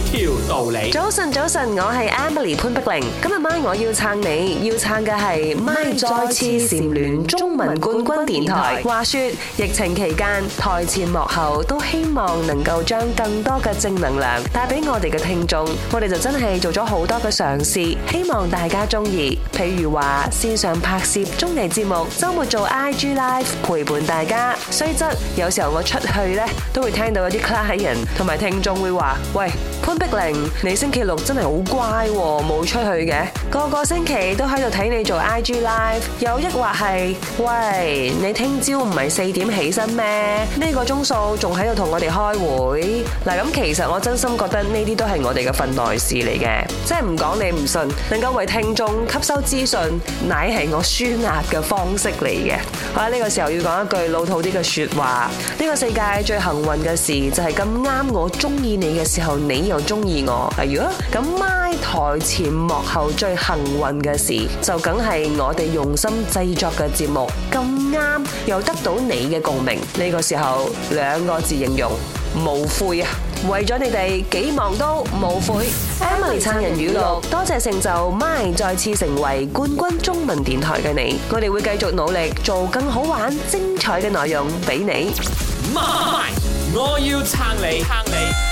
條道理。早晨，早晨，我係 Emily 潘碧玲。今日晚我要撐你，要撐嘅係咪再次蟬聯中文冠軍電台。話說疫情期間，台前幕後都希望能夠將更多嘅正能量帶俾我哋嘅聽眾。我哋就真係做咗好多嘅嘗試，希望大家中意。譬如話線上拍攝綜藝節目，週末做 IG Live 陪伴大家。雖則有時候我出去呢，都會聽到一啲 client 同埋聽眾會話：喂。潘碧玲，你星期六真係好乖，冇出去嘅。個個星期都喺度睇你做 IG Live，又抑或係，喂，你聽朝唔係四點起身咩？呢個鐘數仲喺度同我哋開會。嗱，咁其實我真心覺得呢啲都係我哋嘅份內事嚟嘅，即係唔講你唔信，能夠為聽眾吸收資訊，乃係我宣壓嘅方式嚟嘅。啊，呢個時候要講一句老土啲嘅說話，呢個世界最幸運嘅事就係咁啱我中意你嘅時候你又中意我，例如咁，my 台前幕後最幸運嘅事，就梗係我哋用心製作嘅節目咁啱，又得到你嘅共鳴。呢個時候兩個字形容，無悔啊！為咗你哋幾忙都無悔。Emily 撐人娛樂，多謝成就 my 再次成為冠軍中文電台嘅你，我哋會繼續努力做更好玩、精彩嘅內容俾你，你。My，我要撐你，撐你。